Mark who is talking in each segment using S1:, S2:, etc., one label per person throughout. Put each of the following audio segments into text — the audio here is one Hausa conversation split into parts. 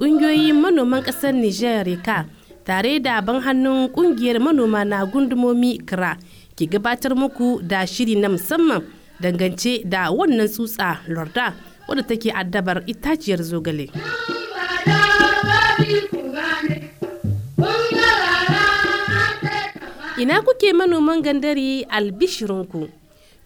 S1: kungiyoyin manoman ƙasar Nijar Rika tare da ban hannun kungiyar manoma na gundumomi Kira ke gabatar muku da shiri na musamman dangance da wannan tsutsa lorda wadda take addabar itaciyar zogale. Ina kuke manoman gandari albishirinku?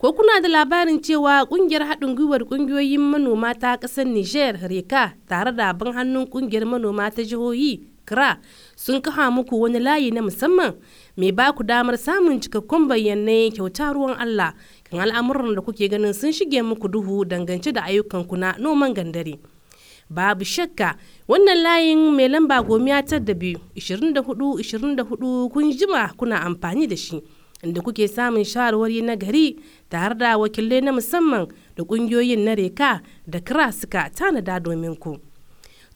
S1: Ko kuna da labarin cewa kungiyar haɗin gwiwar ƙungiyoyin manoma ta ƙasar Niger Reka tare da abin hannun kungiyar manoma ta jihohi Kra sun kaha muku wani layi na musamman mai ba ku damar samun cikakkun bayyanai kyauta ruwan Allah kan al'amuran da kuke ganin sun shige muku duhu dangance da ayyukan na noman gandare. Babu shakka wannan layin mai lamba gomiya ta da biyu 24 24 kun jima kuna amfani da shi. inda kuke samun shawarwari na gari tare da wakilai na musamman da ƙungiyoyin na reka da kira suka tanada domin ku.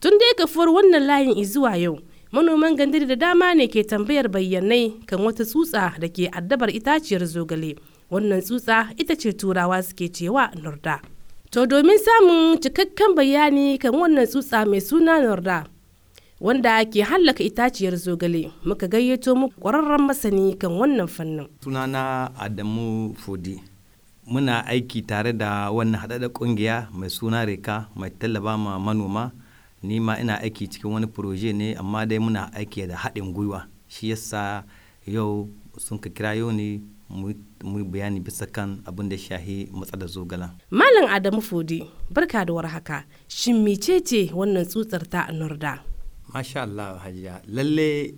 S1: Tun dai kafuwar wannan layin izuwa yau, manoman gandari da dama ne ke tambayar bayyanai kan wata tsutsa da ke addabar itaciyar zogale. Wannan tsutsa ita ce turawa suke cewa norda. To domin samun cikakken bayani kan wannan tsutsa mai suna norda, wanda ke hallaka itaciyar zogale muka gayyato mu ƙwararren masani kan wannan
S2: fannin. Sunana Adamu Fodi. Muna aiki tare da wannan haɗaɗɗen ƙungiya mai suna Reka mai tallaba ma manoma. Ni ma ina aiki cikin wani proje ne amma dai muna aiki da haɗin gwiwa. Shi yasa yau sun ka kira yau ne mu bayani bisa kan abin da shahi matsalar zogalen.
S1: Malam Adamu Fodi, barka da warhaka. Shin mecece wannan tsutsar ta norda.
S2: Masha Allah hajiya lalle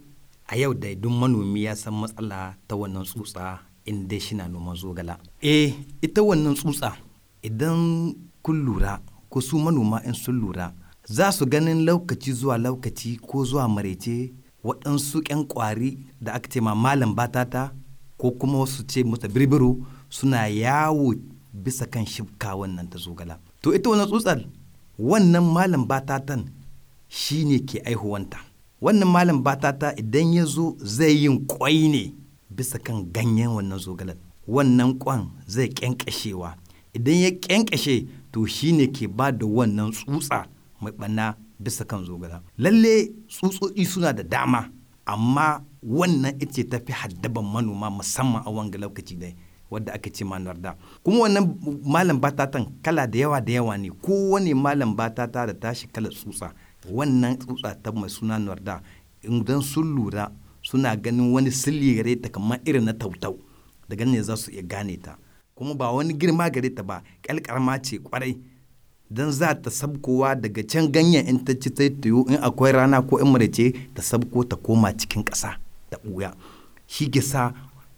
S2: a yau da duk manomi ya san matsala ta wannan tsutsa in dai shi na noman zogala. Eh ita wannan tsutsa idan kun lura ko su manoma in sun lura za su ganin lokaci zuwa lokaci ko zuwa marece waɗansu ƙyan ƙwari da aka ce ma malam batata ko kuma wasu ce musa birbiru suna yawo bisa kan shibka wannan ta zogala. To ita wannan tsutsar wannan malam batatan shi ne ke aihuwanta wannan malam batata idan ya zo zai yin ƙwai ne bisa kan ganyen wannan zogalar wannan kwan zai ƙyanƙashewa idan ya ƙyanƙashe to shi ne ke ba da wannan tsutsa mai ɓanna bisa kan zogala lalle tsutsotsi suna da dama amma wannan ita ta fi haddaban manoma musamman a wanga lokaci dai wadda aka ce manuwar da kuma wannan malam batatan kala da yawa da yawa ne kowane malam batata da tashi kala tsutsa wannan tsutsa ta mai suna norda idan sun lura suna ganin wani sirri gare ta kamar irin na tautau daga ne za su iya gane ta kuma ba wani girma gare ta ba ƙalƙarma ce kwarai don za ta sabkowa daga can ganyen in ta ci ta in akwai rana ko in murace ta sabko ta koma cikin ƙasa ta ɓuya shi gisa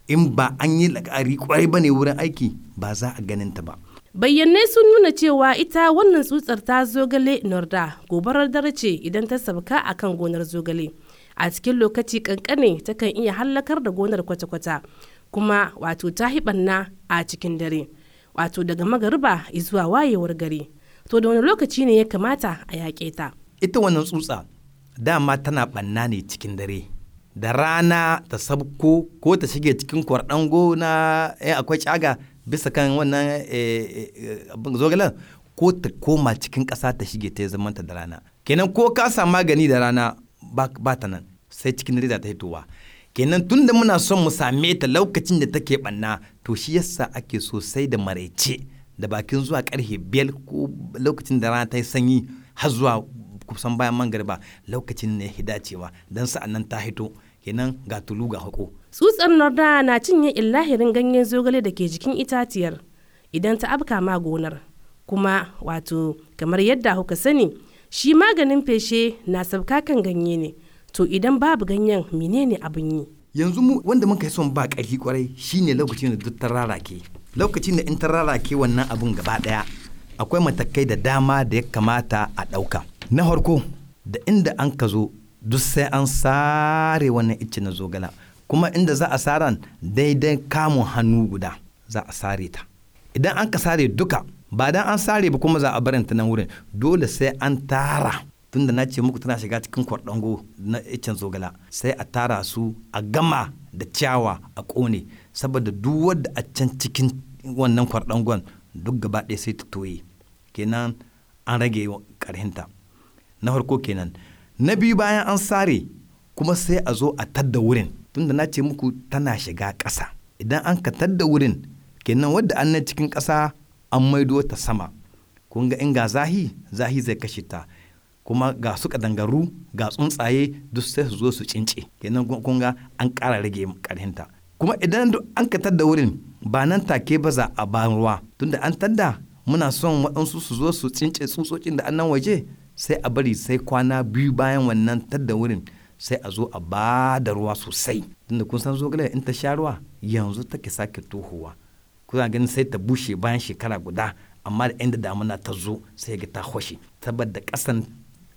S2: in ba an yi lakari kwarai ba ne wurin aiki ba za a ganin ta ba
S1: bayyanai sun nuna cewa ita wannan tsutsar ta zogale norda gobarar dare ce idan ta sabka a kan gonar zogale a cikin lokaci kankane ta kan iya hallakar da gonar kwata-kwata kuma wato ta hibanna a cikin dare wato daga magariba izuwa wayewar gari to da wani lokaci ne ya kamata a yaƙe ta
S2: ita wannan tsutsa dama tana banna ne cikin dare da rana ta sabko ko ta shige cikin gona na eh, akwai caga bisa kan wannan eh, eh, eh, zogalen ko ta koma cikin ƙasa ta shige ta zaman ta da rana kenan ko ka sa magani da rana ba ta nan sai cikin rida ta hitowa kenan tun da muna son mu same ta lokacin da take banna to shi yasa ake sosai da maraice da bakin zuwa karfe biyar ko lokacin da rana ta yi sanyi har zuwa kusan bayan mangariba lokacin ne ya dacewa don sa'an nan ta hito kenan ga tulu ga hako
S1: tsutsar norda na cinye illahirin ganyen zogale da ke jikin itatiyar idan ta abka ma gonar kuma wato kamar yadda kuka sani shi maganin feshe na sabka kan ganye ne to idan babu ganyen menene abin yi
S2: yanzu mu wanda muka yi son ba ƙarfi kwarai shine lokacin da duk tararake lokacin da in tararake wannan abun gaba daya akwai matakai da dama da ya kamata a ɗauka na farko da inda an ka zo duk sai an sare wannan icce na zogala kuma inda za a saran daidai kamun hannu guda za a sare ta idan an ka sare duka ba dan an sare ba kuma za a barin ta nan wurin dole sai an tara tunda na ce muku tana shiga cikin kwardango na icen zogala sai a tara su a gama da ciyawa a kone saboda duk wadda a can cikin wannan kwardangon duk gaba ɗaya sai ta toye kenan an rage karhinta na farko kenan na biyu bayan an sare kuma sai a zo a tadda wurin tunda na ce muku tana shiga ƙasa idan an katar da wurin kenan wadda an nan cikin ƙasa an maido ta sama kun ga in ga zahi zahi zai kashe ta kuma ga su kadangaru ga tsuntsaye duk sai su zo su cince kenan kun ga an ƙara rage ƙarhinta kuma idan an katar da wurin ba nan take ba za a ban ruwa tunda an tadda muna son waɗansu su zo su cince tsutsotsin da nan waje sai a bari sai kwana biyu bayan wannan tadda wurin sai a zo a ba da ruwa sosai tunda kun san zogale in ta sha ruwa yanzu take sake tohowa kuna ganin sai ta bushe bayan shekara guda amma da inda damuna ta zo sai ga ta hwashe saboda kasan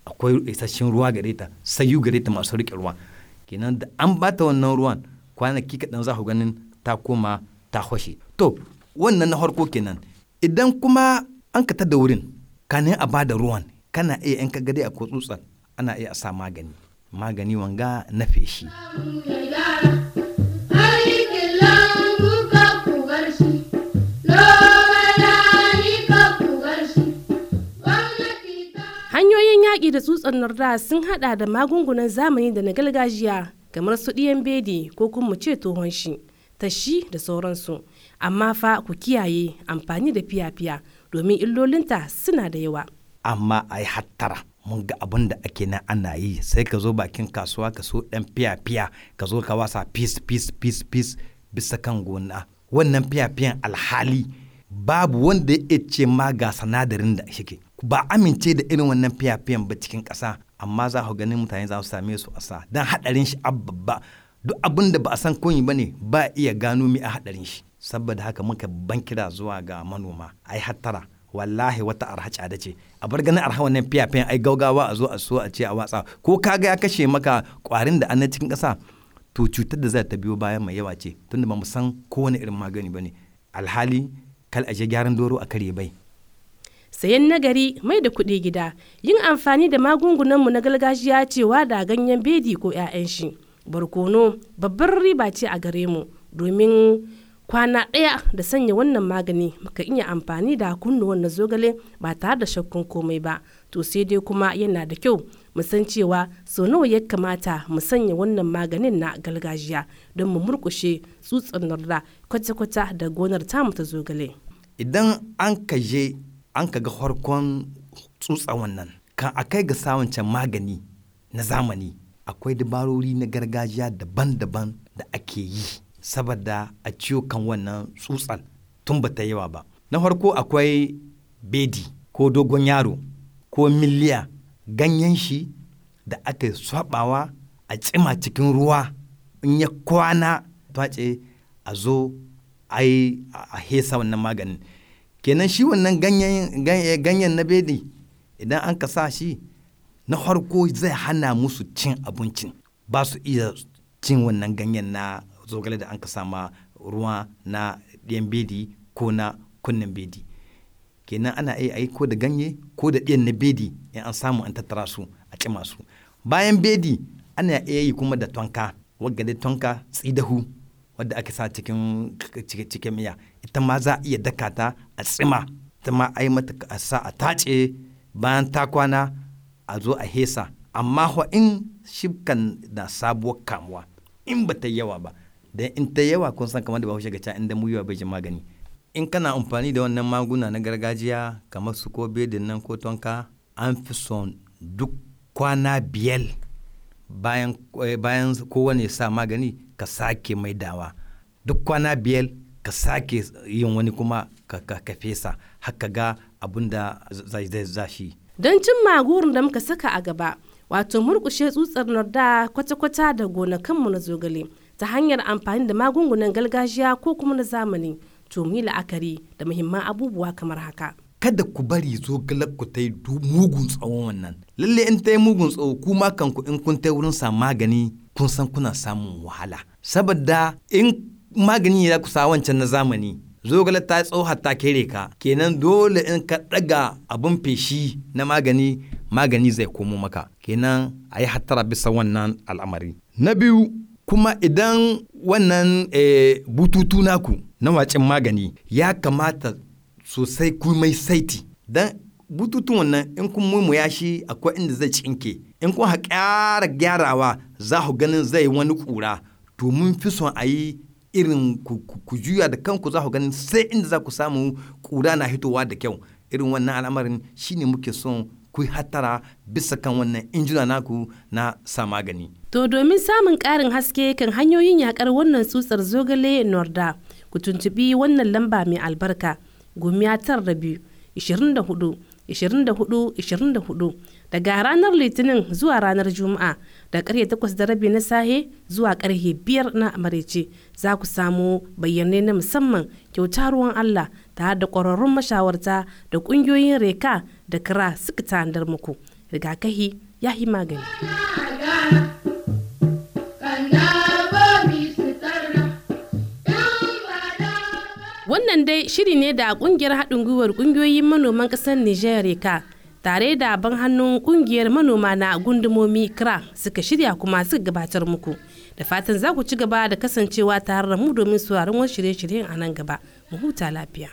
S2: akwai isasshen ruwa gare ta sayu gare ta masu riƙe ruwa kenan da an bata wannan ruwan kwanaki kaɗan za ku ganin ta koma ta hoshe to wannan na farko kenan idan kuma an ka da wurin ka ne a bada ruwan kana iya yan gari a ko tsutsan ana iya a sa magani magani wanga na feshi.
S1: Hanyoyin yaƙi da tsutsar narda sun haɗa da magungunan zamani da na gargajiya kamar su ɗiyan bedi ko kuma ce tohon shi, tashi da sauransu. Amma fa ku kiyaye amfani da fiya-fiya domin illolinta suna da yawa.
S2: Amma ai hattara. mun ga abin da ake nan ana yi sai ka zo bakin kasuwa ka so ɗan fiya-fiya ka zo ka wasa peace peace peace peace bisa kan gona wannan fiya-fiyan alhali babu wanda ya ce ma ga sanadarin da shike ba amince da irin wannan fiya-fiyan ba cikin ƙasa amma za ku ganin mutane za su same su a sa don haɗarin shi abba duk abin da ba a san kunyi ba ne ba iya gano mi a haɗarin shi saboda haka muka ban kira zuwa ga manoma ai hattara wallahi wata arha cada ce a bar ganin arha wannan fiyafiyan ai gaugawa a zo a so a ce a watsa ko kaga ya kashe maka kwarin da ana cikin kasa to cutar da za ta biyo bayan mai yawa ce tunda ba mu san kowane irin magani ba ne alhali kal aje gyaran doro a karye bai
S1: sayen nagari mai da kuɗi gida yin amfani da magungunan mu na gargajiya cewa da ganyen bedi ko 'ya'yan shi barkono babbar riba ce a gare mu domin kwana ɗaya da sanya wannan magani muka iya amfani da kunnuwan na zogale ba tare da shakkun komai ba to sai dai kuma yana da kyau mu san cewa sau nawa ya kamata mu sanya wannan maganin na gargajiya don mu murkushe tsutsar narda kwata-kwata da gonar tamu ta zogale
S2: idan an ka je an ka ga farkon tsutsa wannan kan akai ga sawancan magani na zamani akwai dabarori na gargajiya daban-daban da ake yi saboda a ciwo kan wannan tsutsal tun ba ta yawa ba na farko akwai bedi ko dogon yaro ko miliya ganyen shi da aka swabawa a tsima cikin ruwa in ya kwana tace a zo a hesa wannan maganin kenan shi wannan ganyen na bedi idan an ka sa shi na farko zai hana musu cin abincin ba su iya cin wannan ganyen na zogale da anka sama ruwa na ɗiyan bedi ko na kunnen bedi kenan ana iya yi ko da ganye ko da ɗiyan na bedi in an samu an tattara su a cima su bayan bedi ana iya yi kuma da tonka wadda da tonka tsidahu wadda aka sa cikin cikin miya ita ma za a iya daka ta a tsima ita ma a yi mata a sa a tace bayan ta kwana a zo a hesa amma in shibkan na sabuwar kamuwa in bata yawa ba dan in ta yawa kun san kamar da bahaushe ga ca in da muyuwa bai ji magani in kana amfani da wannan maguna na gargajiya kamar su ko bedin nan ko tonka an fi son duk kwana biyar bayan eh, bayan kowane sa magani ka sake mai dawa duk kwana biyar ka sake yin wani kuma ka fesa haka ga abin da zai
S1: don cin magurin da muka saka a gaba wato murkushe tsutsar narda kwata-kwata da gonakanmu na zogale ta hanyar amfani da magungunan gargajiya ko kuma na zamani to mu yi la'akari da muhimman abubuwa kamar haka.
S2: kada ku bari zogale ku ta yi mugun tsawon wannan lalle in ta yi mugun tsawo kuma kanku in kun ta wurin sa magani kun san kuna samun wahala saboda in magani ya kusa wancan na zamani zogale ta tsawo hatta kere ka kenan dole in ka daga abun feshi na magani magani zai komo maka kenan a yi hattara bisa wannan al'amari na biyu kuma idan wannan e, bututu naku na wacin magani ya kamata sosai ku mai saiti don bututun wannan in kun mu ya shi akwai inda zai cinke in kun ha ƙara gyarawa za ku ganin zai wani ƙura to mun fi son a yi irin ku juya da kanku za ku ganin sai inda za ku samu ƙura na hitowa da kyau irin wannan al'amarin shine muke son ku yi hattara bisa kan wannan injina naku na sa magani.
S1: To domin samun ƙarin haske kan hanyoyin yakar wannan tsutsar zogale Norda, ku tuntubi wannan lamba mai albarka gumiya tar da biyu, 24, 24, 24 daga ranar litinin zuwa ranar juma'a da karfe takwas da rabi na sahe zuwa karfe biyar na amarici za ku samu bayanai na musamman kyauta ruwan allah tare da kwararrun mashawarta da ƙungiyoyin reka da kira suka tanadar muku rigakahi ya yi magani wannan dai shiri ne da kungiyar haɗin gwiwar ƙungiyoyin manoman ƙasar nijar reka tare da ban hannun kungiyar manoma na gundumomi kra suka shirya kuma suka gabatar muku da fatan za ku ci gaba da kasancewa tare da mu domin sauraron wasu shirye-shiryen a nan gaba mu huta lafiya.